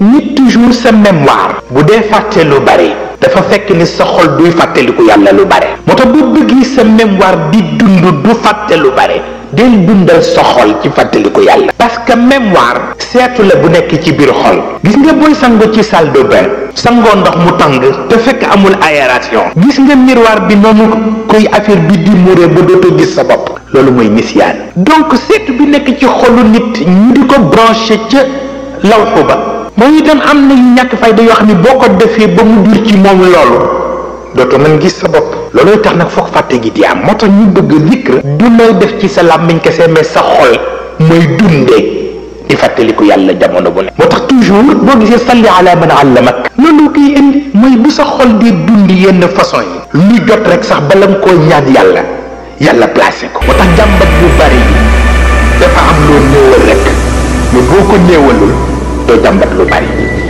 nit toujours sa mémoire bu dee fàtte lu bari dafa fekk ni sa xol duy fàttaliku yàlla lu bari moo tax bu bëggee sa mémoire di dund du fàtte lu bari del dundal sa xol ci fàttaliku yàlla parce que mémoire seetu la bu nekk ci biir xol gis nga booy sango ci salle de bain sangoo ndox mu tàng te fekk amul aération gis nga miroir bi noonu koy affaire bi di muuree ba dootoo gis sa bopp loolu mooy nisyaan donc seetu bi nekk ci xolu nit ñu di ko branché ca lawxu ba mooy itam am na yu ñàkk fayda yoo xam ne boo ko defee ba mu dur ci moom loolu dootoo mën gis sa bopp loolooy tax nag foog fàtte gi di am moo tax ñu bëgg zikr du looy def ci sa làmmiñ kese mais sa xol mooy dundee di fàttaliku yàlla jamono bu ne moo tax toujours boo gisee salli ala man allamak loolu koy indi mooy bu sa xol di dund yenn façon yi lu jot rek sax bala nga koo ñaan yàlla yàlla placé ko moo tax jàmbat bu bari bi dafa am loo néewal rek mais boo ko néewalul te jam lu